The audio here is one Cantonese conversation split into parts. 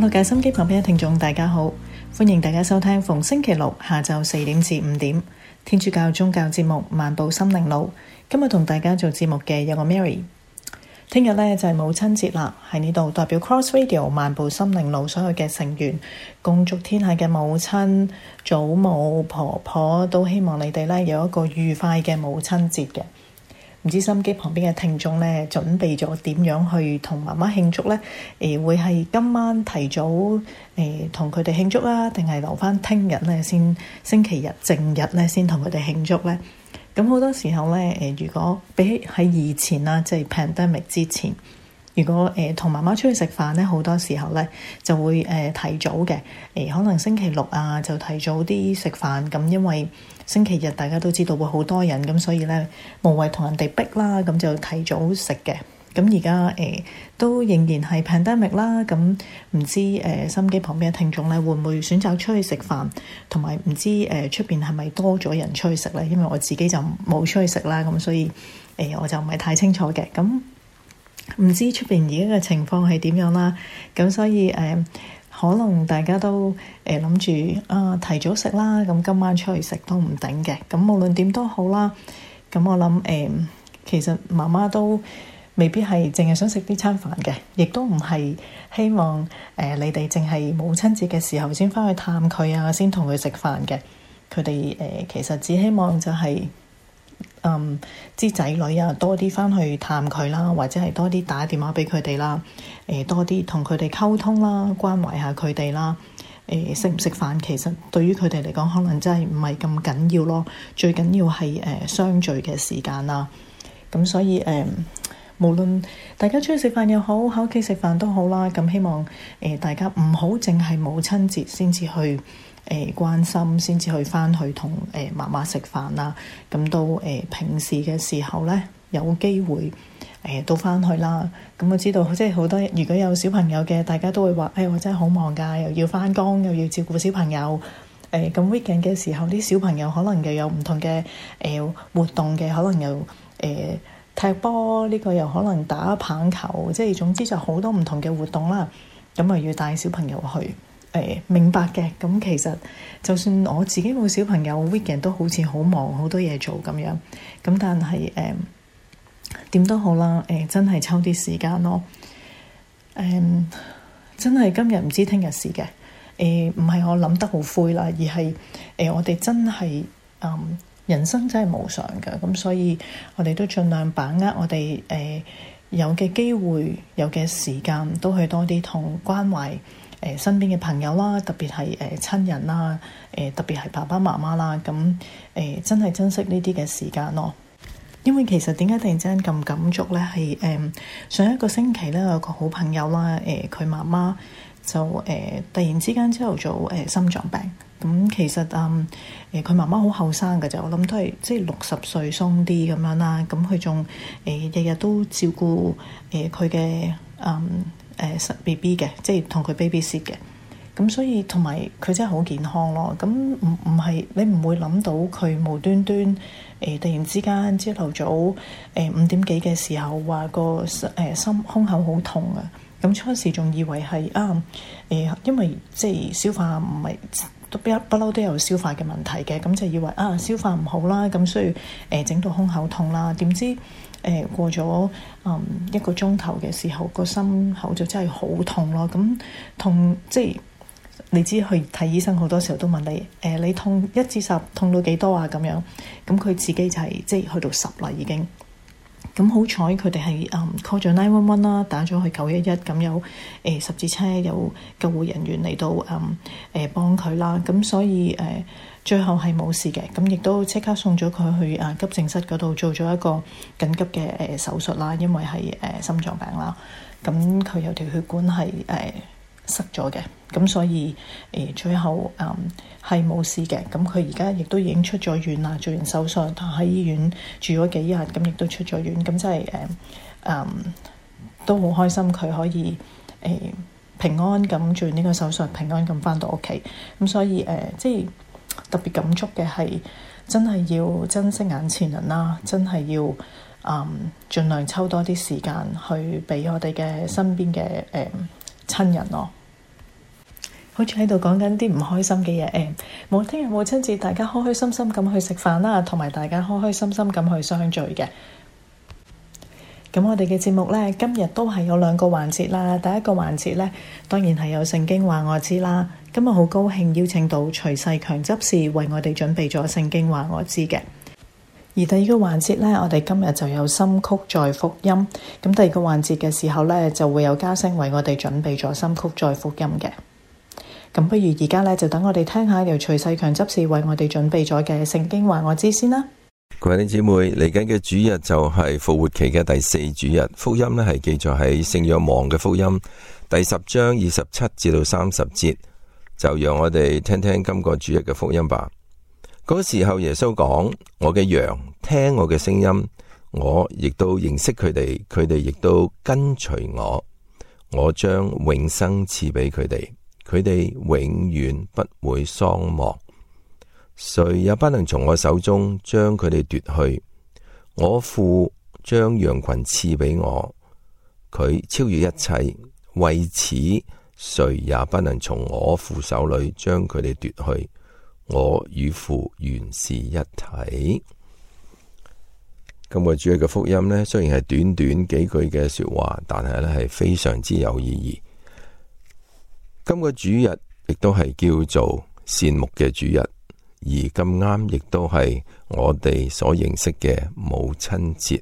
各位心機旁邊嘅聽眾，大家好，歡迎大家收聽逢星期六下晝四點至五點天主教宗教節目《漫步心靈路》。今日同大家做節目嘅有個 Mary，聽日咧就係、是、母親節啦。喺呢度代表 Cross Radio《漫步心靈路》所有嘅成員，恭祝天下嘅母親、祖母、婆婆，都希望你哋咧有一個愉快嘅母親節嘅。唔知心機旁邊嘅聽眾咧，準備咗點樣去同媽媽慶祝咧？誒、呃、會係今晚提早誒同佢哋慶祝啦，定係留翻聽日咧先？星期日正日咧先同佢哋慶祝咧？咁好多時候咧誒，如果、呃、比起喺以前啦，即、就、係、是、pandemic 之前，如果誒同、呃、媽媽出去食飯咧，好多時候咧就會誒、呃、提早嘅誒、呃，可能星期六啊就提早啲食飯，咁因為，星期日大家都知道會好多人，咁所以呢，無謂同人哋逼啦，咁就提早食嘅。咁而家誒都仍然係 pandemic 啦，咁唔知誒、呃、心機旁邊嘅聽眾呢會唔會選擇出去食飯，同埋唔知誒出邊係咪多咗人出去食呢？因為我自己就冇出去食啦，咁所以誒、呃、我就唔係太清楚嘅。咁唔知出邊而家嘅情況係點樣啦？咁所以誒。呃可能大家都誒諗住啊提早食啦，咁今晚出去食都唔定嘅。咁無論點都好啦，咁我諗誒、呃，其實媽媽都未必係淨係想食呢餐飯嘅，亦都唔係希望誒、呃、你哋淨係母親節嘅時候先翻去探佢啊，先同佢食飯嘅。佢哋誒其實只希望就係、是。嗯，啲仔女啊，多啲翻去探佢啦，或者係多啲打電話畀佢哋啦，誒、呃、多啲同佢哋溝通啦，關懷下佢哋啦，誒食唔食飯其實對於佢哋嚟講可能真係唔係咁緊要咯，最緊要係誒、呃、相聚嘅時間啦，咁所以誒、呃、無論大家出去食飯又好，喺屋企食飯都好啦，咁希望誒、呃、大家唔好淨係母親節先至去誒關心先至去翻去同誒媽媽食飯啦，咁都誒、呃、平時嘅時候咧有機會誒都翻去啦。咁、嗯、我知道即係好多，如果有小朋友嘅，大家都會話：誒、哎、我真係好忙㗎，又要翻工，又要照顧小朋友。誒、呃、咁 weekend 嘅時候，啲小朋友可能又有唔同嘅誒、呃、活動嘅，可能又誒、呃、踢波，呢、這個又可能打棒球，即係總之就好多唔同嘅活動啦。咁又要帶小朋友去。明白嘅，咁其實就算我自己冇小朋友，weekend 都好似好忙，好多嘢做咁樣。咁但係誒點都好啦，誒、呃呃、真係抽啲時間咯。誒、呃、真係今日唔知聽日事嘅，誒唔係我諗得好灰啦，而係誒、呃、我哋真係、呃、人生真係無常嘅，咁、呃、所以我哋都盡量把握我哋誒、呃、有嘅機會、有嘅時間，都去多啲同關懷。誒身邊嘅朋友啦，特別係誒親人啦，誒特別係爸爸媽媽啦，咁誒真係珍惜呢啲嘅時間咯。因為其實點解突然之間咁感觸咧，係誒、嗯、上一個星期咧，有個好朋友啦，誒佢媽媽就誒、嗯、突然之間朝頭早誒、嗯、心臟病。咁、嗯、其實誒佢媽媽好後生嘅啫，我諗都係即係六十歲鬆啲咁樣啦。咁佢仲誒日日都照顧誒佢嘅誒。嗯誒 B B 嘅，即係同佢 B B sit 嘅，咁、嗯、所以同埋佢真係好健康咯。咁唔唔係你唔會諗到佢無端端誒、呃、突然之間朝頭早誒、呃、五點幾嘅時候話個誒、呃、心胸口好痛、嗯、啊。咁初時仲以為係啊誒，因為即係消化唔係不不嬲都，都有消化嘅問題嘅，咁就以為啊消化唔好啦，咁所以誒、呃、整到胸口痛啦。點知？誒、呃、過咗、嗯、一個鐘頭嘅時候，個心口就真係好痛咯。咁、嗯、痛即係你知去睇醫生好多時候都問你誒、呃、你痛一至十痛到幾多啊？咁樣咁佢、嗯、自己就係、是、即係去到十啦已經。咁、嗯、好彩佢哋係 call 咗 nine one one 啦，打咗去九一一，咁有誒十字車有救護人員嚟到，嗯、呃、幫佢啦。咁、嗯、所以誒。呃最後係冇事嘅，咁亦都即刻送咗佢去誒急症室嗰度做咗一個緊急嘅誒手術啦，因為係誒、呃、心臟病啦。咁佢有條血管係誒、呃、塞咗嘅，咁所以誒、呃、最後誒係冇事嘅。咁佢而家亦都已經出咗院啦，做完手術，喺醫院住咗幾日，咁亦都出咗院。咁即係誒誒都好開心，佢可以誒、呃、平安咁做完呢個手術，平安咁翻到屋企。咁所以誒、呃、即係。特別感觸嘅係，真係要珍惜眼前人啦，真係要嗯，盡量抽多啲時間去畀我哋嘅身邊嘅誒、嗯、親人咯。好似喺度講緊啲唔開心嘅嘢，冇聽日母親節，大家開開心心大家開開心心咁去食飯啦，同埋大家開開心心咁去相聚嘅。咁我哋嘅節目呢，今日都係有兩個環節啦。第一個環節呢，當然係有聖經話我知啦。今日好高興邀請到徐世強執事為我哋準備咗《聖經話我知》嘅。而第二個環節咧，我哋今日就有心曲在福音。咁第二個環節嘅時候咧，就會有加聲為我哋準備咗心曲在福音嘅。咁不如而家咧，就等我哋聽下由徐世強執事為我哋準備咗嘅《聖經話我知》先啦。各位弟兄姊妹，嚟緊嘅主日就係復活期嘅第四主日，福音咧係記載喺聖若望嘅福音第十章二十七至到三十節。就讓我哋聽聽今個主日嘅福音吧。嗰時候耶穌講：我嘅羊聽我嘅聲音，我亦都認識佢哋，佢哋亦都跟隨我。我將永生賜俾佢哋，佢哋永遠不會喪亡。誰也不能從我手中將佢哋奪去。我父將羊群賜俾我，佢超越一切，為此。誰也不能從我父手裏將佢哋奪去，我與父原是一體。今個主日嘅福音呢，雖然係短短幾句嘅說話，但係呢係非常之有意義。今個主日亦都係叫做善牧嘅主日，而咁啱亦都係我哋所認識嘅母親節。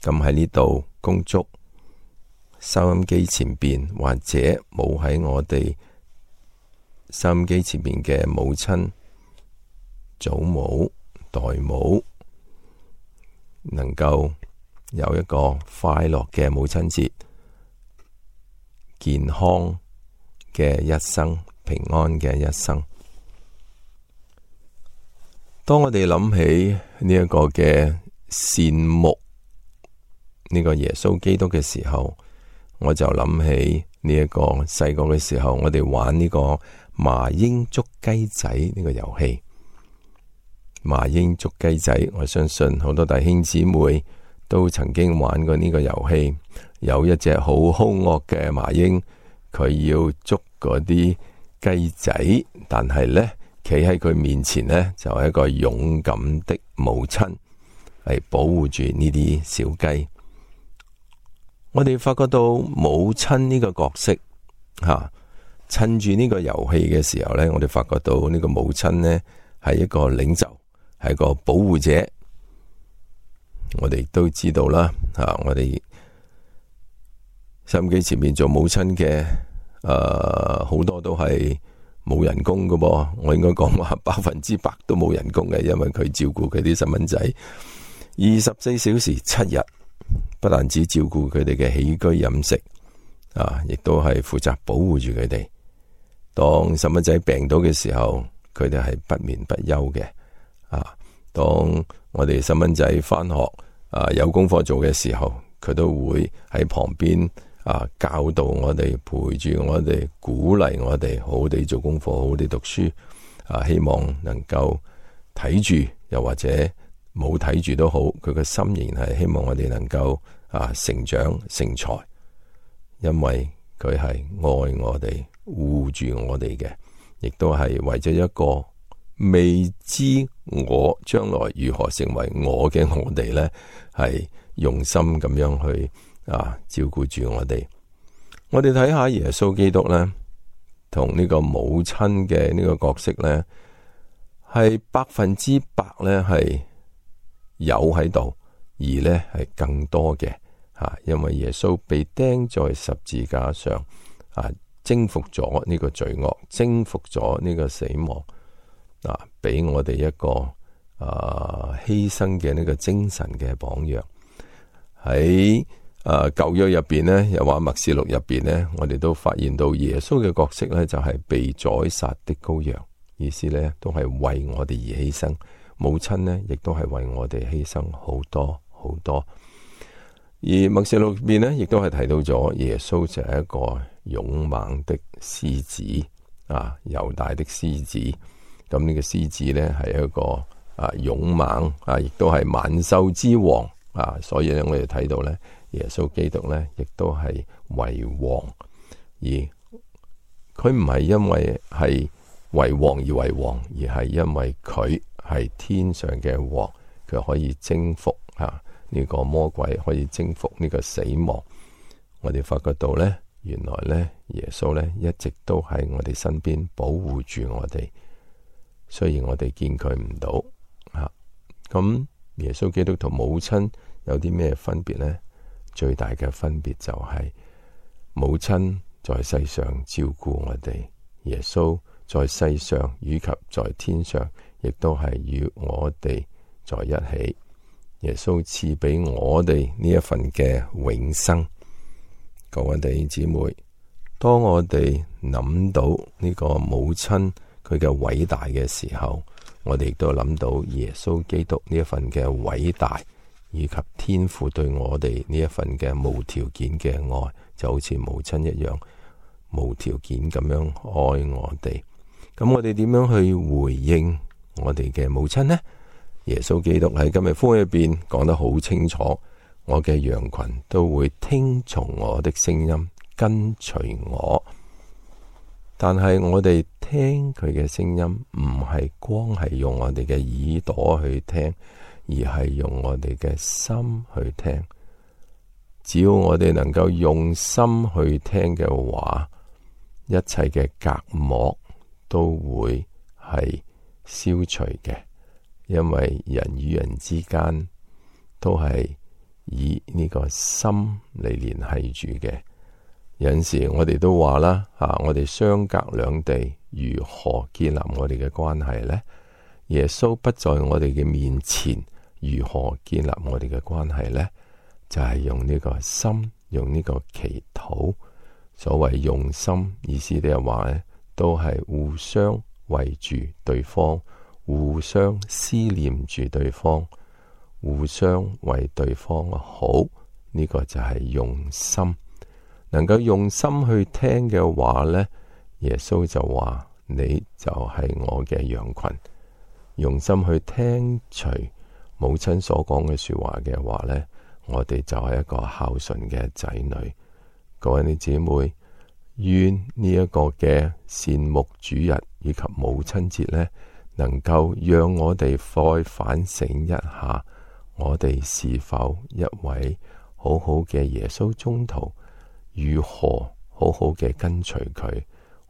咁喺呢度恭祝收音機前邊，或者冇喺我哋收音機前面嘅母親、祖母、代母，能夠有一個快樂嘅母親節、健康嘅一生、平安嘅一生。當我哋諗起呢一個嘅羨慕呢個耶穌基督嘅時候，我就諗起呢一個細個嘅時候，我哋玩呢個麻鷹捉雞仔呢個遊戲。麻鷹捉雞仔，我相信好多弟兄姊妹都曾經玩過呢個遊戲。有一隻好兇惡嘅麻鷹，佢要捉嗰啲雞仔，但係呢，企喺佢面前呢，就係一個勇敢的母親嚟，保護住呢啲小雞。我哋發覺到母親呢個角色，吓、啊，趁住呢個遊戲嘅時候呢，我哋發覺到呢個母親呢係一個領袖，係個保護者。我哋都知道啦，吓、啊，我哋收音機前面做母親嘅，誒、啊，好多都係冇人工㗎噃，我應該講話百分之百都冇人工嘅，因為佢照顧佢啲細蚊仔，二十四小時七日。不但只照顧佢哋嘅起居飲食，啊，亦都係負責保護住佢哋。當細蚊仔病到嘅時候，佢哋係不眠不休嘅。啊，當我哋細蚊仔返學啊，有功課做嘅時候，佢都會喺旁邊啊教導我哋，陪住我哋，鼓勵我哋，好好地做功課，好好地讀書。啊，希望能夠睇住，又或者。冇睇住都好，佢嘅心仍然係希望我哋能夠啊成長成才，因為佢係愛我哋護住我哋嘅，亦都係為咗一個未知我將來如何成為我嘅我哋呢，係用心咁樣去啊照顧住我哋。我哋睇下耶穌基督呢，同呢個母親嘅呢個角色呢，係百分之百呢係。有喺度，而呢係更多嘅吓，啊，因為耶穌被釘在十字架上啊，征服咗呢個罪惡，征服咗呢個死亡啊，俾我哋一個啊犧牲嘅呢個精神嘅榜樣。喺誒舊約入邊咧，又話《默示錄》入邊呢，我哋都發現到耶穌嘅角色呢，就係，是、被宰殺的羔羊，意思呢都係為我哋而犧牲。母親呢，亦都係為我哋犧牲好多好多。而《默示錄》邊呢，亦都係提到咗耶穌就係一個勇猛的獅子啊，猶大的獅子。咁、啊、呢、啊這個獅子呢，係一個啊勇猛啊，亦都係萬獸之王啊。所以咧，我哋睇到咧，耶穌基督咧亦都係為王，而佢唔係因為係為王而為王，而係因為佢。係天上嘅王，佢可以征服吓呢個魔鬼，可以征服呢個死亡。我哋發覺到呢，原來呢耶穌呢一直都喺我哋身邊保護住我哋，雖然我哋見佢唔到啊。咁耶穌基督同母親有啲咩分別呢？最大嘅分別就係、是、母親在世上照顧我哋，耶穌在世上以及在天上。亦都係與我哋在一起。耶穌賜俾我哋呢一份嘅永生，各位弟兄姊妹。當我哋諗到呢個母親佢嘅偉大嘅時候，我哋亦都諗到耶穌基督呢一份嘅偉大，以及天父對我哋呢一份嘅無條件嘅愛，就好似母親一樣無條件咁樣愛我哋。咁我哋點樣去回應？我哋嘅母親呢？耶穌基督喺今日福音入邊講得好清楚，我嘅羊群都會聽從我的聲音，跟隨我。但係我哋聽佢嘅聲音，唔係光係用我哋嘅耳朵去聽，而係用我哋嘅心去聽。只要我哋能夠用心去聽嘅話，一切嘅隔膜都會係。消除嘅，因為人與人之間都係以呢個心嚟聯繫住嘅。有陣時我哋都話啦，吓，我哋相隔兩地，如何建立我哋嘅關係咧？耶穌不在我哋嘅面前，如何建立我哋嘅關係咧？就係用呢個心，用呢個祈禱。所謂用心意思，你又話咧，都係互相。圍住對方，互相思念住對方，互相為對方好。呢個就係用心，能夠用心去聽嘅話呢，耶穌就話你就係我嘅羊群，用心去聽隨母親所講嘅說話嘅話呢，我哋就係一個孝順嘅仔女。各位你姐妹，願呢一個嘅羨慕主日，以及母親節呢，能夠讓我哋快反省一下，我哋是否一位好好嘅耶穌宗徒，如何好好嘅跟隨佢？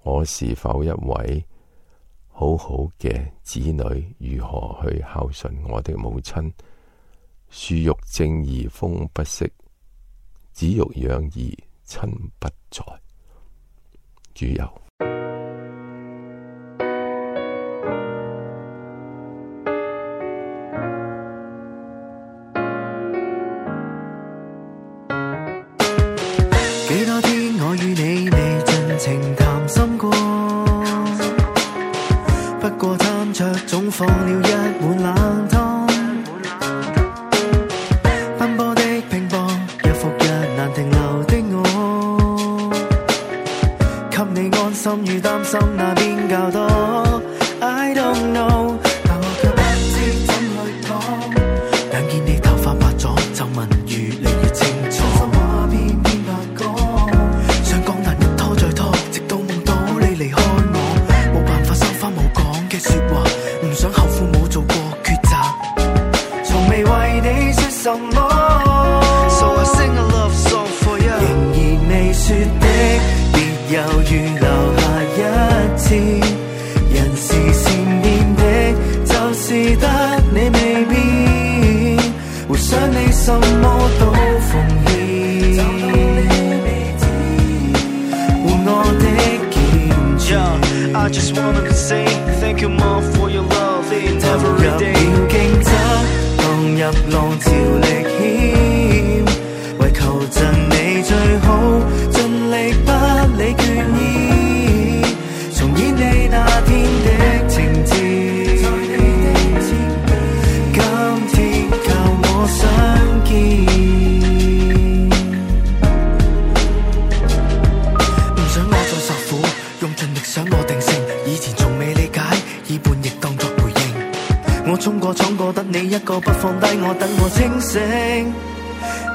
我是否一位好好嘅子女，如何去孝順我的母親？樹欲靜而風不息，子欲養而親不在。主佑。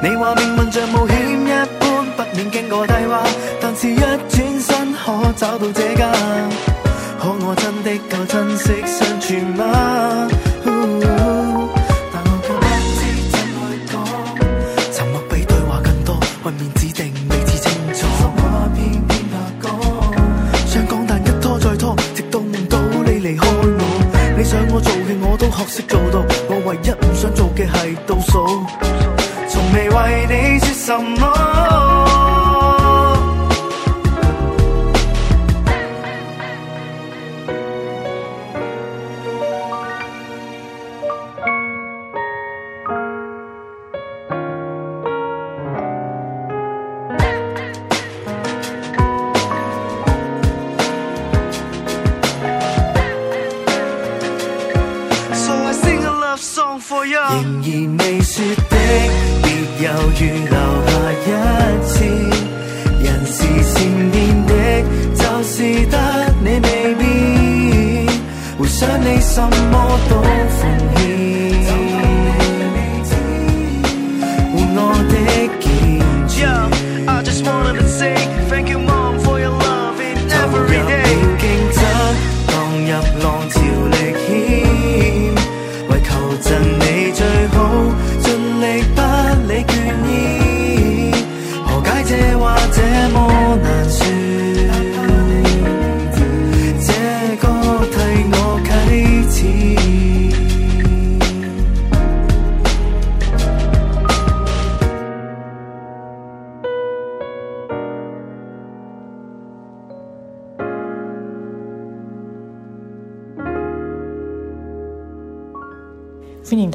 你話命運像冒險一般，不免經過低洼，但是一轉身可找到這家。可我真的夠珍惜相處嗎？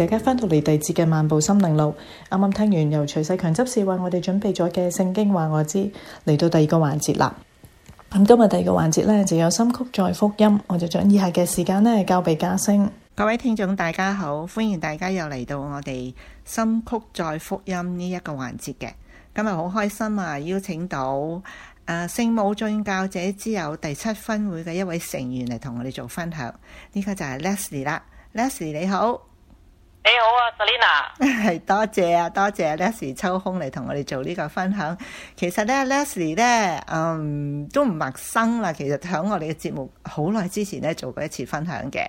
而家返到嚟，地節嘅漫步心靈路。啱啱聽完由徐世強執事為我哋準備咗嘅聖經話我知，嚟到第二個環節啦。咁今日第二個環節呢，就有《心曲再福音》，我就將以下嘅時間呢交俾嘉星。各位聽眾大家好，歡迎大家又嚟到我哋《心曲再福音》呢一個環節嘅。今日好開心啊！邀請到誒聖母進教者之友第七分會嘅一位成員嚟同我哋做分享。呢個就係 Leslie 啦，Leslie 你好。你好啊，Selena，s e l i n a 係。多謝啊，多謝啊，Leslie 抽空嚟同我哋做呢個分享。其實咧，Leslie 咧，嗯，都唔陌生啦。其實喺我哋嘅節目好耐之前咧做過一次分享嘅，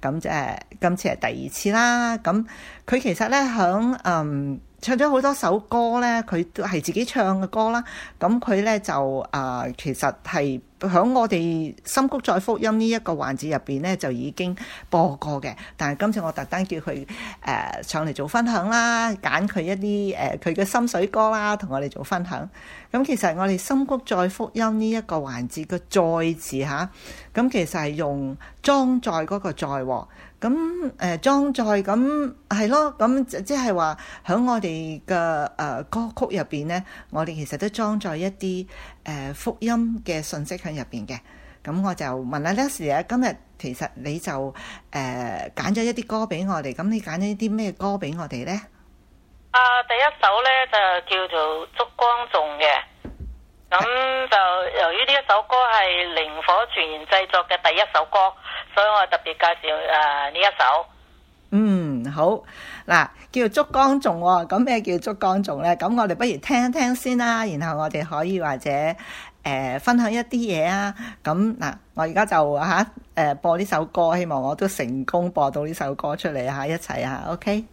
咁即係今次係第二次啦。咁佢其實咧響嗯唱咗好多首歌咧，佢都係自己唱嘅歌啦。咁佢咧就啊，呃，其實係。喺我哋《深谷再福音》呢、這、一個環節入邊咧，就已經播過嘅。但係今次我特登叫佢誒、呃、上嚟做分享啦，揀佢一啲誒佢嘅心水歌啦，同我哋做分享。咁其實我哋深谷再福音呢一個環節嘅再字嚇，咁其實係用裝載嗰個再喎。咁誒裝載，咁係咯，咁即係話喺我哋嘅誒歌曲入邊咧，我哋其實都裝載一啲誒福音嘅信息喺入邊嘅。咁我就問阿 Leslie，今日其實你就誒揀咗一啲歌俾我哋，咁你揀咗啲咩歌俾我哋咧？啊，第一首呢，就叫做《燭光頌》嘅，咁就由於呢一首歌係靈火全然製作嘅第一首歌，所以我特別介紹誒呢、啊、一首。嗯，好，嗱，叫《燭光頌》喎、哦，咁咩叫《燭光頌》呢？咁我哋不如聽一聽先啦，然後我哋可以或者誒、呃、分享一啲嘢啊。咁嗱，我而家就吓誒、啊呃、播呢首歌，希望我都成功播到呢首歌出嚟吓、啊，一齊吓、啊，OK。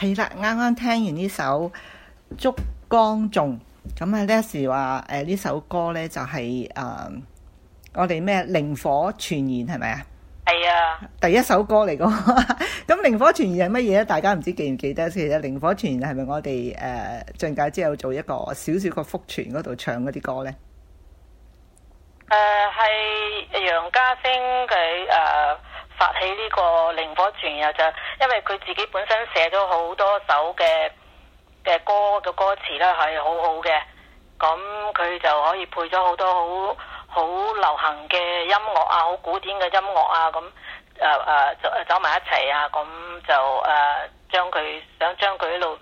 係啦，啱啱聽完呢首《燭光頌》，咁啊 Leslie 話誒呢首歌呢，就是，就係誒我哋咩「靈火傳言」係咪啊？係啊，第一首歌嚟噶。咁 「靈火傳言」係乜嘢？大家唔知記唔記得先啊？「靈火傳言」係咪我哋誒晉介之後做一個少少個福傳嗰度唱嗰啲歌呢？誒，係楊家星佢誒。發起呢、這個《靈火傳》啊，然後就因為佢自己本身寫咗好多首嘅嘅歌嘅歌詞咧，係好好嘅。咁佢就可以配咗好多好好流行嘅音樂啊，好古典嘅音樂啊。咁誒誒，就走埋一齊啊。咁、啊啊、就誒將佢想將佢一路誒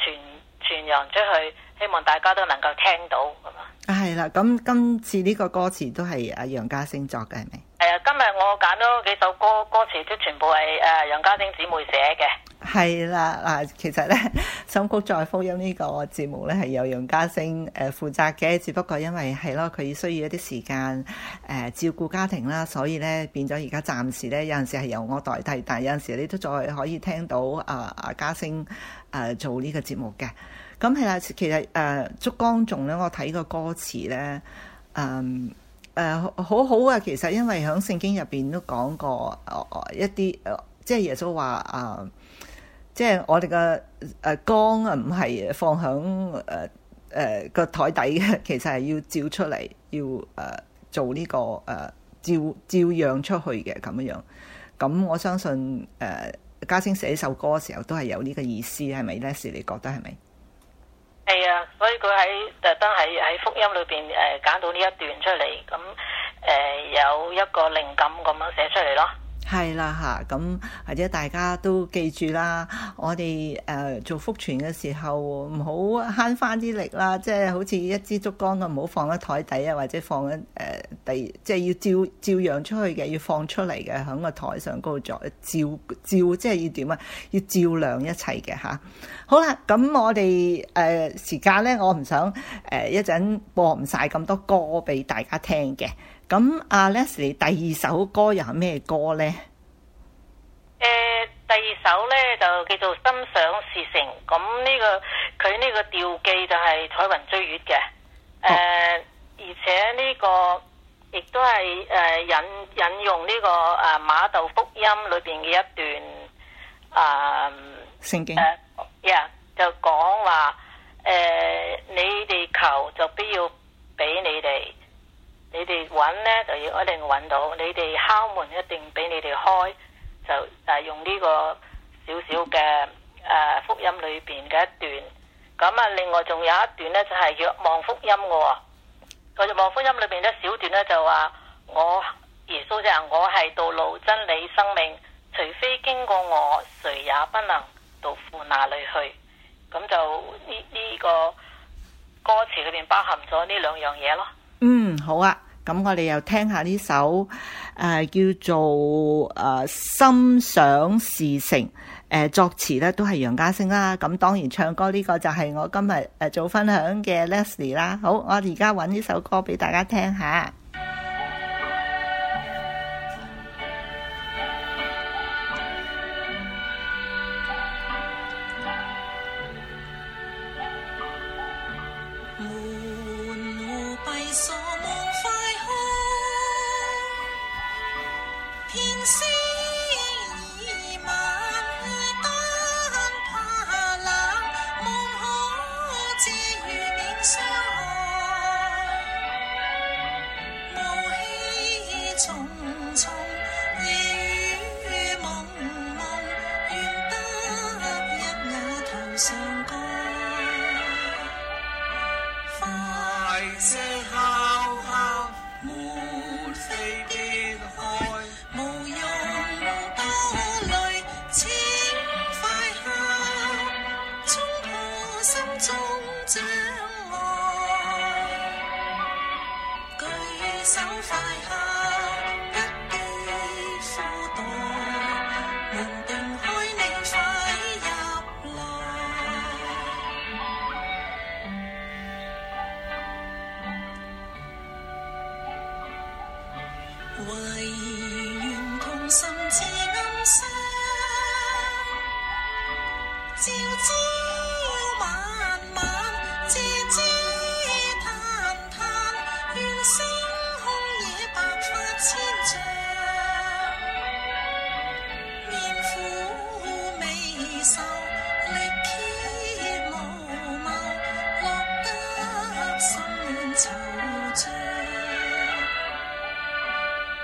傳傳揚出去，希望大家都能夠聽到，係嘛？係啦，咁今次呢個歌詞都係阿楊家星作嘅，係咪？係啊，今日我揀咗幾首歌，歌詞都全部係誒楊家鼎姊妹寫嘅。係啦，嗱，其實咧，心曲再福音呢個節目咧係由楊家鼎誒負責嘅，只不過因為係咯，佢需要一啲時間誒照顧家庭啦，所以咧變咗而家暫時咧有陣時係由我代替，但係有陣時你都再可以聽到啊阿家鼎誒做呢個節目嘅。咁係啦，其實誒《燭、呃、光頌》咧，我睇個歌詞咧，嗯。誒，好好啊！其實因為喺聖經入邊都講過一，一啲即係耶穌話啊，即係我哋嘅誒光啊，唔係放響誒誒個台底嘅，其實係要照出嚟，要誒、啊、做呢、這個誒、啊、照照樣出去嘅咁樣。咁我相信誒、啊，家清寫呢首歌嘅時候都係有呢個意思，係咪咧？是你覺得係咪？係啊，所以佢喺特登喺喺福音裏邊誒揀到呢一段出嚟，咁誒、呃、有一個靈感咁樣寫出嚟咯。係啦嚇，咁、啊、或者大家都記住啦。我哋誒、呃、做福傳嘅時候，唔好慳翻啲力啦。即係好似一支竹竿，咁，唔好放喺台底啊，或者放喺誒地，即係要照照樣出去嘅，要放出嚟嘅，喺個台上嗰度再照照，即係要點啊？要照亮一切嘅吓，啊，好啦，咁我哋誒、呃、時間咧，我唔想誒一陣播唔晒咁多歌俾大家聽嘅。咁阿 Leslie 第二首歌又係咩歌咧？誒，第二首咧就叫做心想事成。咁呢個佢呢個調寄就係彩雲追月嘅。誒，而且呢個亦都係誒引引用呢個誒馬竇福音裏邊嘅一段誒聖經。誒，呀，就講話，誒你哋求就必要俾你哋。你哋揾呢，就要一定揾到，你哋敲門一定俾你哋開，就誒用呢個少少嘅誒福音裏邊嘅一段。咁啊，另外仲有一段呢，就是，就係若望福音嘅佢就望福音裏邊一小段呢，就話我耶穌就話我係道路真理生命，除非經過我，誰也不能到父那裏去。咁就呢呢，呢個歌詞裏邊包含咗呢兩樣嘢咯。嗯，好啊，咁我哋又聽下呢首，誒、呃，叫做誒、呃、心想事成，誒、呃、作詞咧都係楊家聲啦，咁當然唱歌呢個就係我今日誒做分享嘅 Leslie 啦，好，我而家搵呢首歌俾大家聽下。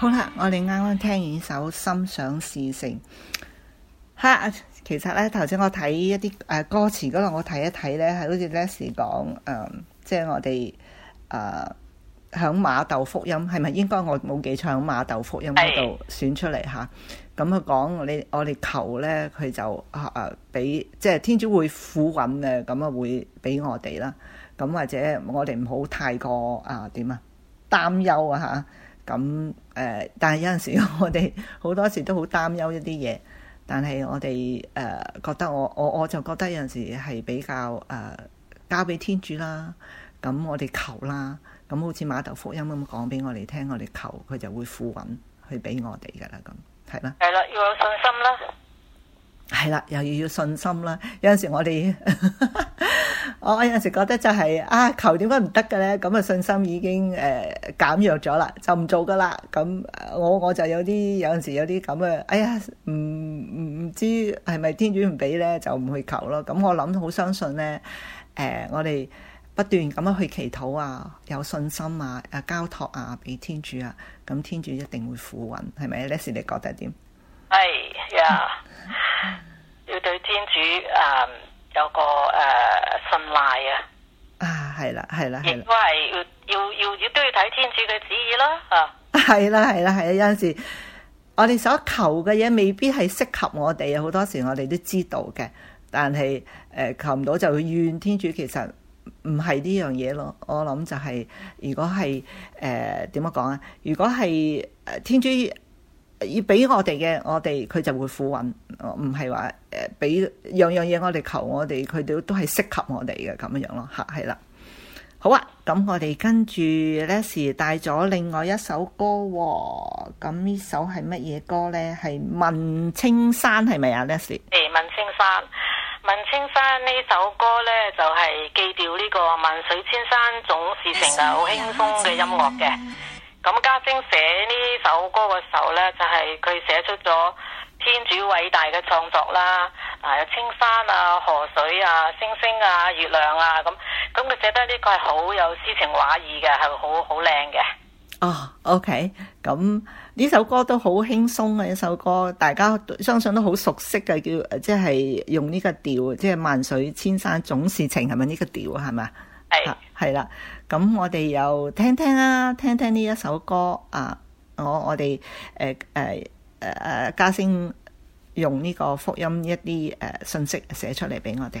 好啦，我哋啱啱聽完首心想事成，哈、啊，其實咧頭先我睇一啲誒歌詞嗰度，我睇一睇咧，係好似 Les 講誒，即係我哋誒響馬竇福音，係咪應該我冇記錯響馬竇福音嗰度選出嚟吓？咁佢講你我哋求咧，佢就誒俾、啊，即係天主會俯允嘅，咁啊會俾我哋啦。咁、啊、或者我哋唔好太過啊點啊擔憂啊吓。咁誒、嗯，但係有陣時我哋好多時都好擔憂一啲嘢，但係我哋誒、呃、覺得我我我就覺得有陣時係比較誒、呃、交俾天主啦，咁、嗯、我哋求啦，咁、嗯、好似瑪竇福音咁講俾我哋聽，我哋求佢就會富運去俾我哋噶、嗯、啦，咁係啦，係啦，要有信心啦。係啦，又要要信心啦。有陣時我哋， 我有陣時覺得就係、是、啊，求點解唔得嘅咧？咁啊，信心已經誒、呃、減弱咗啦，就唔做噶啦。咁我我就有啲有陣時有啲咁嘅，哎呀，唔唔唔知係咪天主唔俾咧，就唔去求咯。咁我諗好相信咧，誒、呃，我哋不斷咁樣去祈禱啊，有信心啊，誒，交託啊，俾天主啊，咁天主一定會扶穩，係咪？Leslie 你覺得點？係呀。要對天主啊有個誒信賴啊，啊係啦係啦係啦，應該係要要要亦都要睇天主嘅旨意咯啊，係啦係啦係啦，有陣時我哋所求嘅嘢未必係適合我哋啊，好多時我哋都知道嘅，但係誒、呃、求唔到就會怨天主，就是呃呃、天主，其實唔係呢樣嘢咯。我諗就係如果係誒點樣講啊？如果係誒天主。要俾我哋嘅，我哋佢就會撫穩，唔係話誒俾樣樣嘢我哋求我，我哋佢都都係適合我哋嘅咁樣咯，係啦。好啊，咁我哋跟住 Leslie 帶咗另外一首歌、哦，咁呢首係乜嘢歌咧？係問青山係咪啊，Leslie？誒，問青山，問青山呢首歌咧就係、是、記掉呢、呢個萬水千山總是情嘅好輕鬆嘅音樂嘅。咁加精寫呢首歌嘅時候呢就係、是、佢寫出咗天主偉大嘅創作啦，啊青山啊河水啊星星啊月亮啊咁，咁佢寫得呢個係好有詩情畫意嘅，係好好靚嘅。哦、oh，OK，咁呢首歌都好輕鬆嘅一首歌，大家相信都好熟悉嘅，叫即係、就是、用呢個調，即、就、係、是、萬水千山總是情，係咪呢個調 Hey. 啊？係咪啊？係，係啦。咁我哋又聽聽啦、啊，聽聽呢一首歌啊，我我哋誒誒誒誒家星用呢個福音一啲誒信息寫出嚟畀我哋。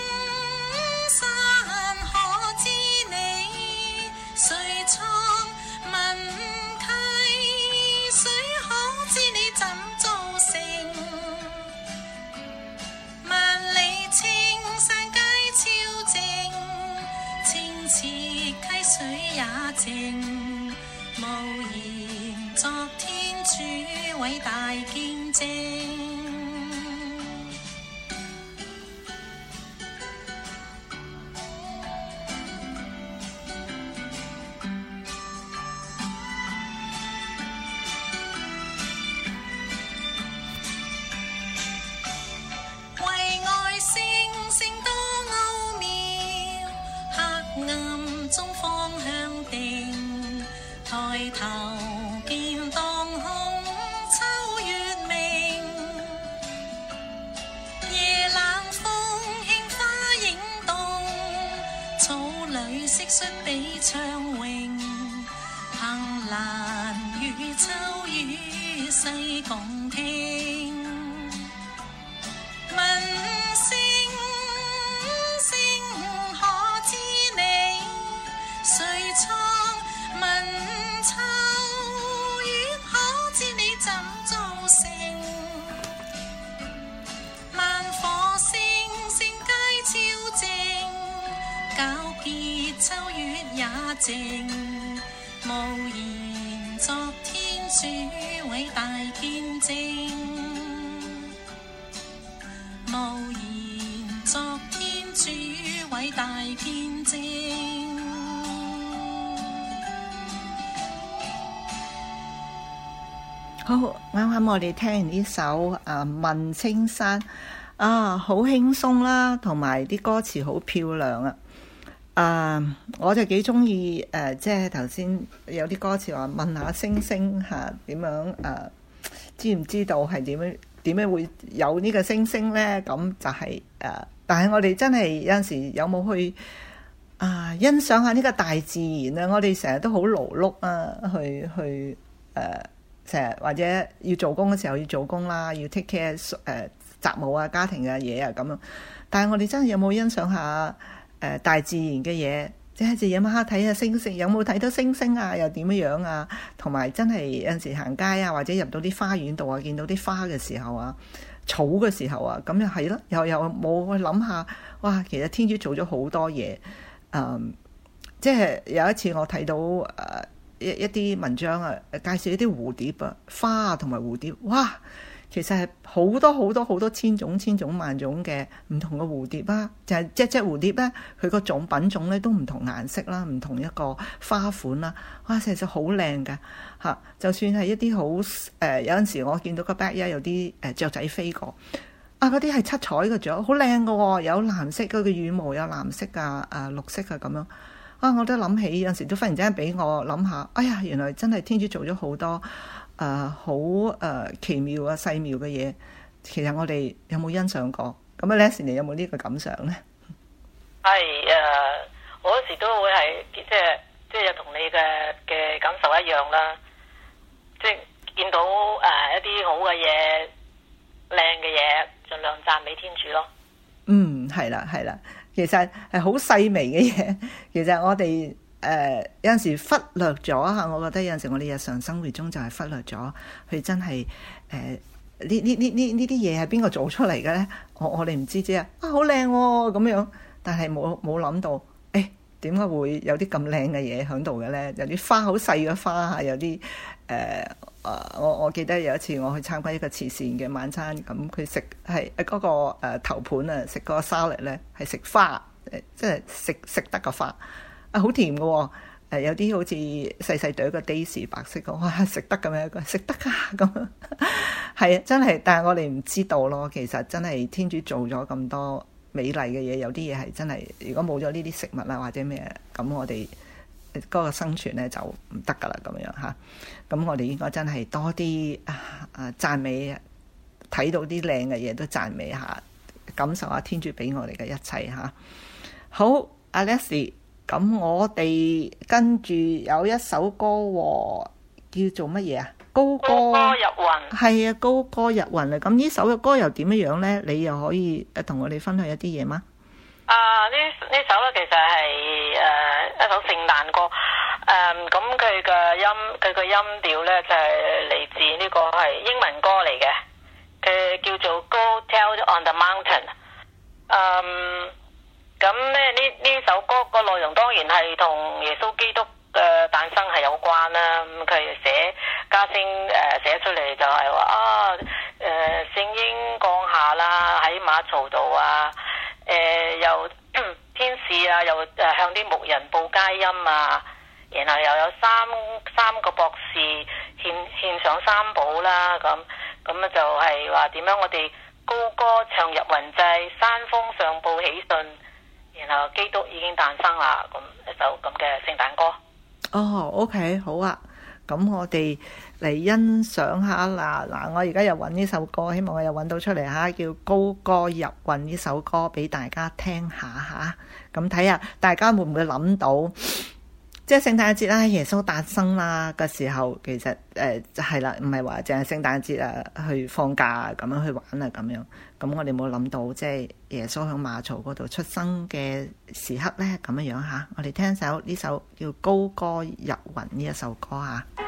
共聽，問星星可知你誰創？問秋月可知你怎造成？萬火星星皆超正，皎潔秋月也靜。大見正，無言作天主偉大見正，好啱啱。我哋聽完呢首啊《問青山》啊，啊好輕鬆啦、啊，同埋啲歌詞好漂亮啊。啊！Uh, 我就幾中意誒，即係頭先有啲歌詞話問下星星嚇點、啊、樣啊？知唔知道係點樣點樣會有呢個星星呢？咁就係、是、誒、啊，但係我哋真係有陣時有冇去啊欣賞下呢個大自然啊？我哋成日都好勞碌啊，去去誒成日或者要做工嘅時候要做工啦，要 take care 誒雜務啊、家庭嘅嘢啊咁樣。但係我哋真係有冇欣賞下？誒大自然嘅嘢，即係夜晚黑睇下星星，有冇睇到星星啊？又點樣樣啊？同埋真係有陣時行街啊，或者入到啲花園度啊，見到啲花嘅時候啊，草嘅時候啊，咁又係咯，又又冇去諗下，哇！其實天主做咗好多嘢，誒、嗯，即係有一次我睇到誒一一啲文章啊，介紹一啲蝴蝶啊，花啊、同埋蝴蝶，哇！其實係好多好多好多千種千種萬種嘅唔同嘅蝴蝶啦，就係、是、一隻隻蝴蝶咧，佢個種品種咧都唔同顏色啦，唔同一個花款啦，哇、啊！實在好靚嘅嚇，就算係一啲好誒，有陣時我見到個 backyard 有啲誒雀仔飛過，啊嗰啲係七彩嘅雀，好靚嘅喎，有藍色嗰個羽毛，有藍色噶啊、呃、綠色嘅咁樣，啊我都諗起有陣時都忽然之間俾我諗下，哎呀，原來真係天主做咗好多。啊，好啊，奇妙啊，細妙嘅嘢，其實我哋有冇欣賞過？咁啊，Leslie 你有冇呢個感想咧？係啊，我嗰時都會係即係即係同你嘅嘅感受一樣啦，即係見到啊、uh, 一啲好嘅嘢、靚嘅嘢，盡量讚美天主咯。嗯，係啦，係啦，其實係好細微嘅嘢，其實我哋。誒、uh, 有陣時忽略咗嚇，我覺得有陣時我哋日常生活中就係忽略咗佢真係，誒呢呢呢呢呢啲嘢係邊個做出嚟嘅咧？我我哋唔知啫啊！好靚喎咁樣，但係冇冇諗到誒點解會有啲咁靚嘅嘢喺度嘅咧？有啲花好細嘅花嚇，有啲誒啊！Uh, 我我記得有一次我去參加一個慈善嘅晚餐，咁佢食係嗰個誒頭盤啊，食嗰個沙律咧係食花誒，即係食食得個花。就是啊！好甜嘅喎，哦，有啲好似細細朵 Daisy 白色嘅，哇食得咁樣一個食得啊咁，係 啊真係，但係我哋唔知道咯。其實真係天主做咗咁多美麗嘅嘢，有啲嘢係真係，如果冇咗呢啲食物啦，或者咩咁，我哋嗰個生存咧就唔得噶啦。咁樣嚇，咁、啊、我哋應該真係多啲啊啊讚美睇到啲靚嘅嘢都讚美下，感受下天主俾我哋嘅一切嚇、啊。好，Alex。Al 咁我哋跟住有一首歌叫做乜嘢啊？高歌入雲，係啊，高歌入雲嚟。咁呢首嘅歌又點樣咧？你又可以誒同我哋分享一啲嘢嗎？啊，呢呢首咧其實係誒一首聖誕歌。誒，咁佢嘅音佢嘅音調咧就係嚟自呢個係英文歌嚟嘅，佢叫做 Go Tell on the Mountain。嗯。咁咧，呢呢首歌個內容當然係同耶穌基督嘅誕生係有關啦。咁、嗯、佢寫加聖誒寫出嚟就係話啊誒，聖嬰降下啦，喺馬槽度啊，誒、呃、又 天使啊又誒向啲牧人報佳音啊，然後又有三三個博士獻獻上三寶啦。咁咁啊就係話點樣我哋高歌唱入雲際，山峰上報喜訊。然後基督已經誕生啦，咁一首咁嘅聖誕歌。哦，OK，好啊，咁我哋嚟欣賞下啦。嗱，我而家又揾呢首歌，希望我又揾到出嚟吓，叫高歌入韻呢首歌俾大家聽下吓。咁睇下大家會唔會諗到，即係聖誕節啦，耶穌誕生啦嘅時候，其實誒係啦，唔係話淨係聖誕節誒去放假咁樣去玩啊咁樣。咁、嗯、我哋冇諗到，即係耶穌喺馬槽嗰度出生嘅時刻呢，咁樣樣嚇，我哋聽首呢首叫《高歌入雲》呢一首歌嚇。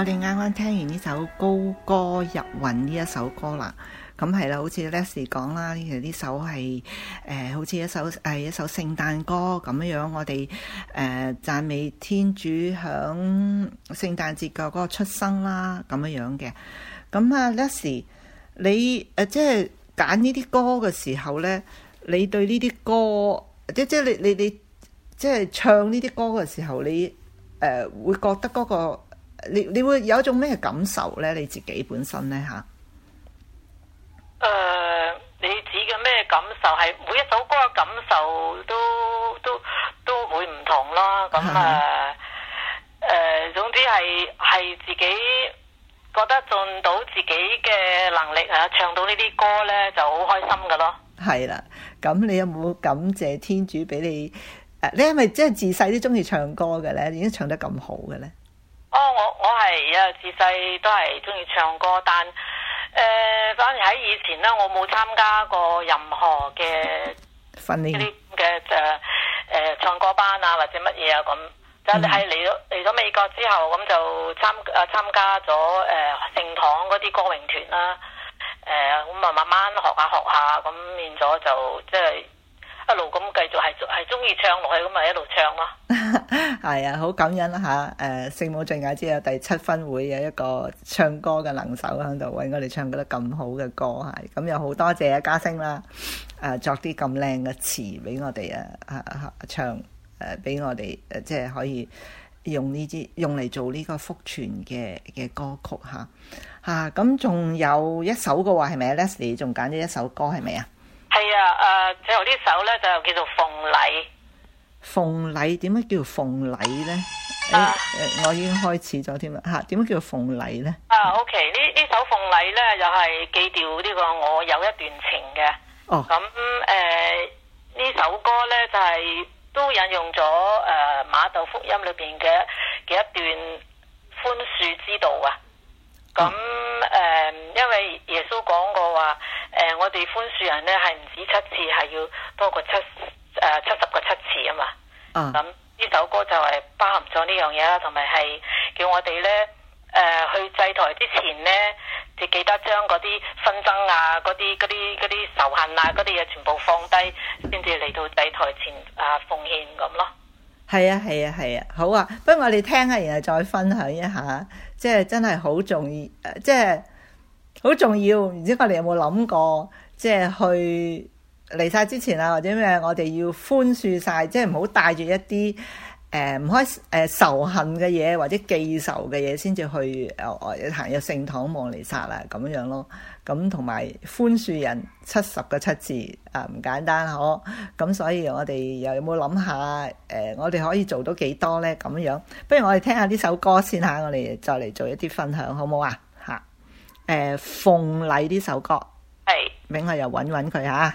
我哋啱啱聽完呢首《高歌入雲》呢一首歌啦，咁係啦，好似 Leslie 講啦，其實呢首係誒、呃，好似一首誒、呃，一首聖誕歌咁樣。我哋誒讚美天主響聖誕節嘅嗰個出生啦，咁樣樣嘅。咁、嗯、啊，Leslie，你誒，即係揀呢啲歌嘅時候咧，你對呢啲歌，即即係你你你即係唱呢啲歌嘅時候，你誒、就是就是呃、會覺得嗰、那個？你你會有一種咩感受咧？你自己本身咧吓？誒，你指嘅咩感受？係每一首歌嘅感受都都都會唔同咯。咁啊，誒，總之係係自己覺得盡到自己嘅能力啊，唱到呢啲歌咧就好開心噶咯。係啦，咁你有冇感謝天主俾你？誒，你係咪即係自細都中意唱歌嘅咧？點解唱得咁好嘅咧？係啊，自細都係中意唱歌，但誒、呃，反而喺以前咧，我冇參加過任何嘅訓練嘅誒誒，唱歌班啊或者乜嘢啊咁。但係嚟咗嚟咗美國之後，咁就參誒參加咗誒聖堂嗰啲歌詠團啦，誒咁啊慢慢學下學下，咁變咗就即係。一路咁繼續係係中意唱落去，咁咪一路唱咯，係啊，好感人啦嚇！誒，聖母最解之啊，第七分會有一個唱歌嘅能手喺度為我哋唱得咁好嘅歌嚇，咁又好多謝阿嘉升啦，誒作啲咁靚嘅詞俾我哋啊唱誒俾我哋即係可以用呢支用嚟做呢個福傳嘅嘅歌曲吓，嚇，咁仲有一首嘅話係咪啊？Leslie 仲揀咗一首歌係咪啊？係啊，誒，最後首呢首咧就叫做鳳禮。鳳禮點樣叫鳳禮咧？誒、啊欸、我已經開始咗添啦，吓、啊，點樣叫鳳禮咧？啊，OK，首鳳禮呢呢首鳳禮咧又係寄掉呢個我有一段情嘅。哦。咁誒，呢、呃、首歌咧就係、是、都引用咗誒、呃、馬竇福音裏邊嘅嘅一段寬恕之道啊。咁誒，嗯嗯、因為耶穌講過話，誒，我哋寬恕人咧係唔止七次，係要多過七誒、呃、七十個七次啊嘛。嗯。咁呢、嗯、首歌就係包含咗呢樣嘢啦，同埋係叫我哋咧誒去祭臺之前咧，就記得將嗰啲紛爭啊、嗰啲嗰啲嗰啲仇恨啊、嗰啲嘢全部放低，先至嚟到祭臺前啊奉獻咁咯。係啊係啊係啊、啊、啊，好啊，不如我哋聽下，然後再分享一下。即係真係好重要，誒，即係好重要。唔知我哋有冇諗過，即係去彌撒之前啊，或者咩，我哋要寬恕晒，即係唔好帶住一啲誒唔開誒仇恨嘅嘢，或者記仇嘅嘢，先至去誒行入聖堂望彌撒啦，咁樣咯。咁同埋寬恕人七十個七字啊，唔簡單呵。咁所以我哋又有冇諗下？誒、呃，我哋可以做到幾多呢？咁樣，不如我哋聽下呢首歌先嚇、啊。我哋就嚟做一啲分享，好唔好啊？嚇、呃，誒《奉禮》呢首歌，俾我 Hey. 又揾揾佢嚇。啊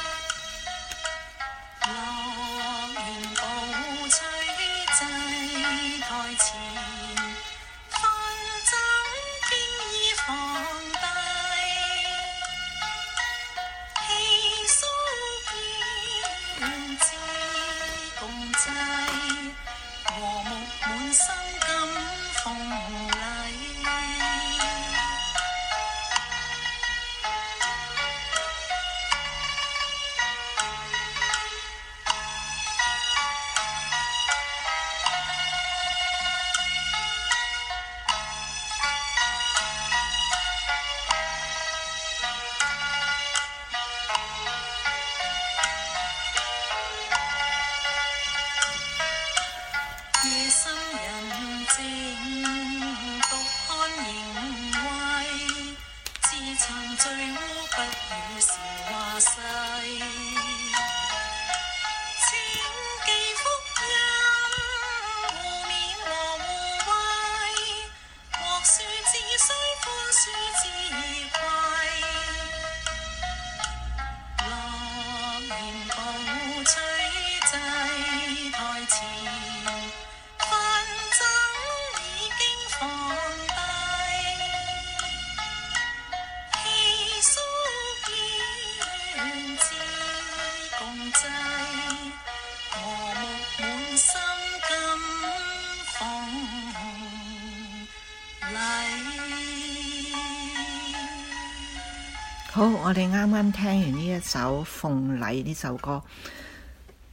我哋啱啱聽完呢一首《鳳禮》呢首歌，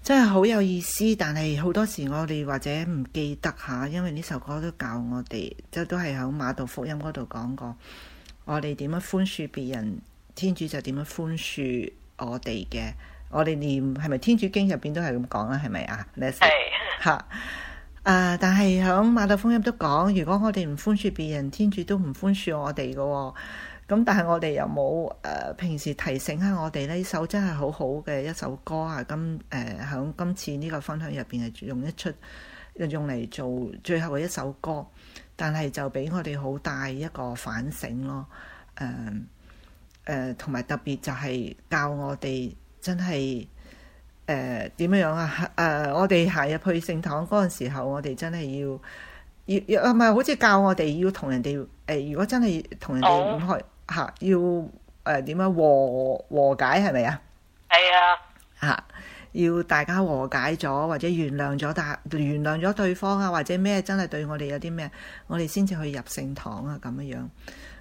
真係好有意思。但係好多時我哋或者唔記得吓，因為呢首歌都教我哋，即都係喺馬道福音嗰度講過，我哋點樣寬恕別人，天主就點樣寬恕我哋嘅。我哋念係咪天主經入邊都係咁講啦？係咪 Hey. 啊？係吓啊！但係喺馬道福音都講，如果我哋唔寬恕別人，天主都唔寬恕我哋㗎。咁但係我哋又冇誒、呃、平時提醒下我哋呢首真係好好嘅一首歌啊！今誒響、呃、今次呢個分享入邊係用一出用嚟做最後嘅一首歌，但係就俾我哋好大一個反省咯。誒、呃、誒，同、呃、埋特別就係教我哋真係誒點樣啊！誒、呃、我哋行入去聖堂嗰陣時候，我哋真係要要啊，唔、呃、係好似教我哋要同人哋誒、呃，如果真係同人哋唔開。嗯嚇，要誒點、呃、樣和和解係咪啊？係啊！嚇，Yeah. 要大家和解咗，或者原諒咗大原諒咗對方啊，或者咩真係對我哋有啲咩，我哋先至去入聖堂啊咁樣。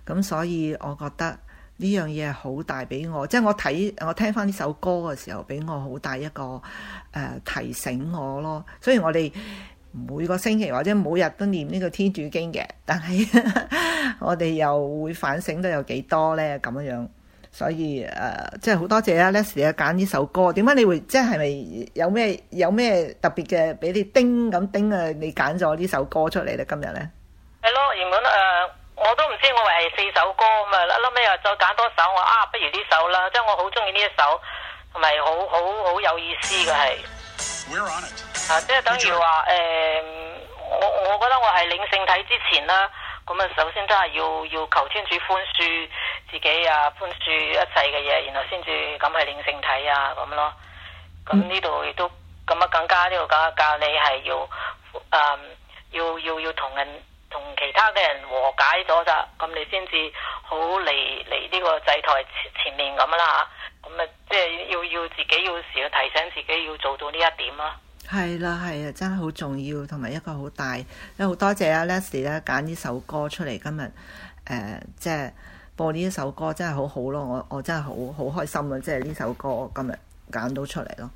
咁所以我覺得呢樣嘢好大俾我，即、就、係、是、我睇我聽翻呢首歌嘅時候，俾我好大一個誒、呃、提醒我咯。所以我哋。每個星期或者每日都念呢個天主經嘅，但係 我哋又會反省得有幾多呢？咁樣，所以誒，即係好多謝啊，Leslie 啊，揀呢首歌，點解你會即係係咪有咩有咩特別嘅俾你叮咁叮啊？你揀咗呢首歌出嚟咧，今日呢？係咯，原本誒、uh，我都唔知我係四首歌吖嘛，一撈尾又再揀多首，我話啊不如呢首啦，即係我好中意呢一首，同埋好好好有意思嘅係。We 啊，即係等於話誒，我我覺得我係領聖體之前啦，咁啊首先都係要要求天主寬恕自己啊，寬恕一切嘅嘢，然後先至咁去領聖體啊，咁咯。咁呢度亦都咁啊，更加呢度教教你係要誒、嗯，要要要同人同其他嘅人和解咗咋，咁你先至好嚟嚟呢個祭台前前面咁啦吓，咁啊。啊啊即係要要自己要時要提醒自己要做到呢一點咯。係啦，係啊，真係好重要，同埋一個好大。都好多謝阿 Leslie 咧，揀呢首歌出嚟今日，誒、呃，即係播呢一首歌真係好好咯。我我真係好好開心啊！即係呢首歌今日揀到出嚟咯。誒、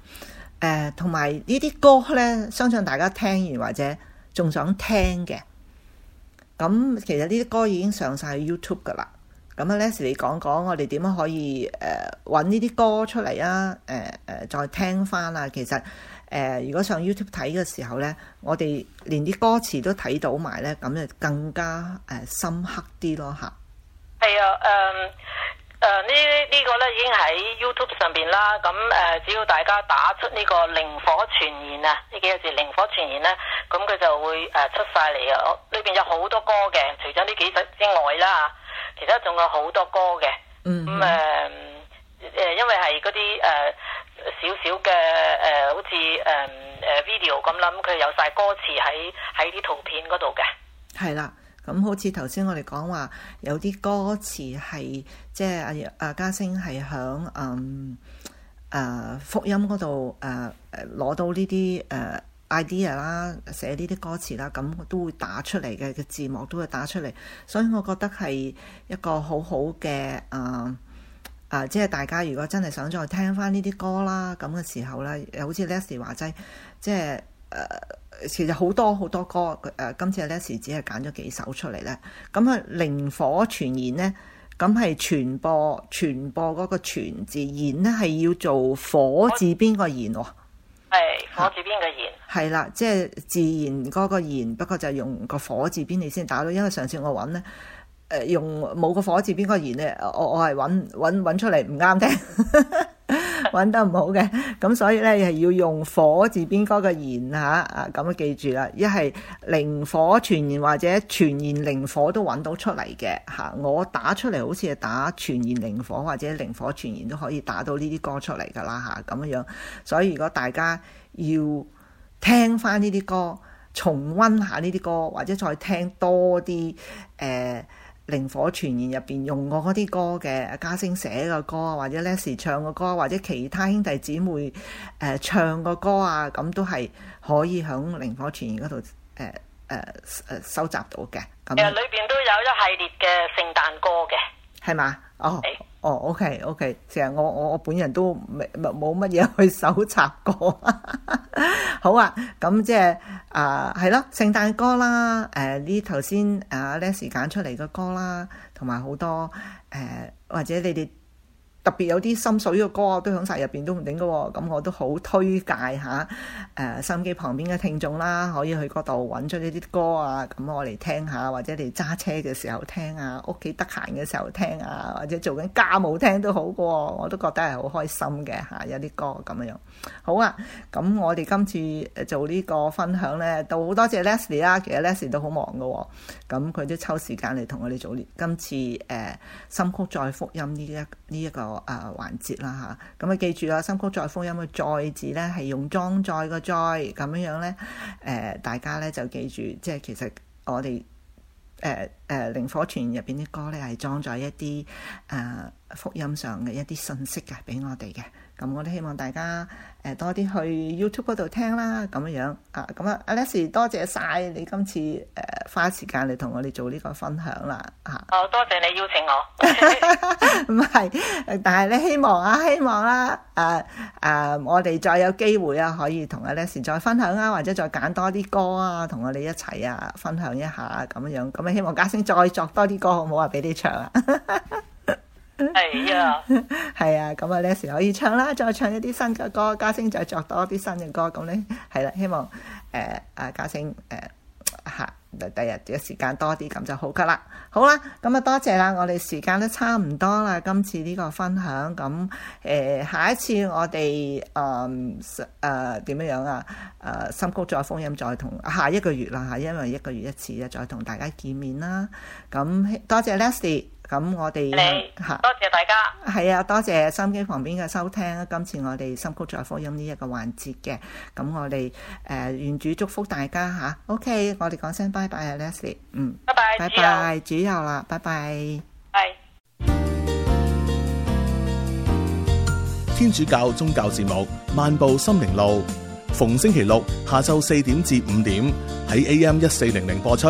呃，同埋呢啲歌咧，相信大家聽完或者仲想聽嘅，咁其實呢啲歌已經上晒 YouTube 噶啦。咁啊 l e 你講講我哋點樣可以誒搵呢啲歌出嚟啊？誒、呃、誒、呃，再聽翻啦。其實誒、呃，如果上 YouTube 睇嘅時候呢，我哋連啲歌詞都睇到埋呢，咁就更加誒深刻啲咯吓。係啊，誒、嗯、誒，呢、呃、呢、這個咧、這個、已經喺 YouTube 上邊啦。咁誒，只要大家打出呢、這個靈火傳言啊，呢幾個字靈火傳言呢，咁佢就會誒出晒嚟啊。呢邊有好多歌嘅，除咗呢幾首之外啦。其他仲有好多歌嘅，嗯，咁、呃、誒，誒，因為係嗰啲誒，少少嘅誒，好似誒誒 video 咁諗佢有晒歌詞喺喺啲圖片嗰度嘅。係啦，咁好似頭先我哋講話，有啲歌詞係即係阿阿嘉升係響嗯誒福音嗰度誒誒攞到呢啲誒。呃 idea 啦，寫呢啲歌詞啦，咁都會打出嚟嘅嘅字幕都會打出嚟，所以我覺得係一個好好嘅誒誒，即係大家如果真係想再聽翻呢啲歌啦，咁嘅時候咧，好似 Leslie 話齋，即係誒、呃、其實好多好多歌誒、呃，今次 Leslie 只係揀咗幾首出嚟咧，咁啊靈火傳言咧，咁係傳播傳播嗰個傳字言咧，係要做火字邊個言喎？係火字邊嘅言，係啦，即係自然嗰個言，不過就用個火字邊你先打到，因為上次我搵咧，誒、呃、用冇個火字邊個言咧，我我係搵搵搵出嚟唔啱聽。 揾得唔好嘅，咁所以咧係要用火字邊嗰個燃吓啊，咁啊記住啦，一係「靈火傳燃」或者傳燃靈火都揾到出嚟嘅吓，我打出嚟好似係打傳燃靈火或者「靈火傳燃」都可以打到呢啲歌出嚟㗎啦吓，咁、啊、樣。所以如果大家要聽翻呢啲歌，重溫下呢啲歌，或者再聽多啲誒。呃靈火傳言入邊用過嗰啲歌嘅，阿家星寫嘅歌，或者 Leslie 唱嘅歌，或者其他兄弟姊妹誒、呃、唱嘅歌啊，咁都係可以喺靈火傳言嗰度誒誒誒收集到嘅。其實誒，裏邊都有一系列嘅聖誕歌嘅。係嘛？哦、oh。Hey. 哦，OK，OK，成日我我本人都咪咪冇乜嘢去搜查過。 好啊，咁即係啊，係、呃、咯，聖誕歌啦，誒啲頭先啊 Leslie 揀出嚟嘅歌啦，同埋好多誒、呃、或者你哋。特別有啲心水嘅歌都響晒入邊都唔頂嘅喎，咁我都好推介下誒收音機旁邊嘅聽眾啦，可以去嗰度揾出呢啲歌啊，咁我嚟聽下，或者你揸車嘅時候聽啊，屋企得閒嘅時候聽啊，或者做緊家務聽都好嘅喎、哦，我都覺得係好開心嘅嚇，有、啊、啲歌咁樣。好啊，咁我哋今次誒做呢個分享呢，都好多謝 Leslie 啦、啊，其實 Leslie 都好忙嘅喎、哦，咁佢都抽時間嚟同我哋做今次誒心、呃、曲再福音呢一呢一,一個。誒、啊、環節啦吓，咁啊記住啦，心曲再福音嘅再字咧係用裝載個載咁樣樣咧，誒、呃、大家咧就記住，即係其實我哋誒誒靈火傳入邊啲歌咧係裝載一啲誒、呃、福音上嘅一啲信息嘅俾我哋嘅。咁我哋希望大家誒多啲去 YouTube 度聽啦，咁樣樣啊，咁啊 Alex，多謝晒你今次誒花時間嚟同我哋做呢個分享啦嚇。哦，多謝你邀請我。唔 係， 但係你希望啊，希望啦、啊，誒、啊、誒、啊，我哋再有機會啊，可以同 Alex 再分享啊，或者再揀多啲歌啊，同我哋一齊啊，分享一下咁、啊、樣，樣，咁啊希望家聲再作多啲歌好唔好啊，俾你唱啊。 係 啊，係啊，咁啊 Leslie 可以唱啦，再唱一啲新嘅歌，嘉升再作多啲新嘅歌，咁咧係啦，希望誒啊嘉升誒吓第日嘅時間多啲，咁就好噶啦。好啦，咁啊多謝啦，我哋時間都差唔多啦，今次呢個分享，咁誒下一次我哋誒誒點樣樣啊？誒新曲再封音，再同下一個月啦，因為一,一個月一次咧，再同大家見面啦。咁多謝 Leslie 咁我哋吓，多謝大家。係啊，多謝收音機旁邊嘅收聽，今次我哋《心曲再福音》呢一個環節嘅。咁我哋誒，願主祝福大家吓、啊。OK，我哋講聲拜拜啊，Leslie。嗯，拜拜，拜。佑，主佑啦，拜拜。拜。天主教宗教節目《漫步心靈路》，逢星期六下晝四點至五點喺 AM 一四零零播出。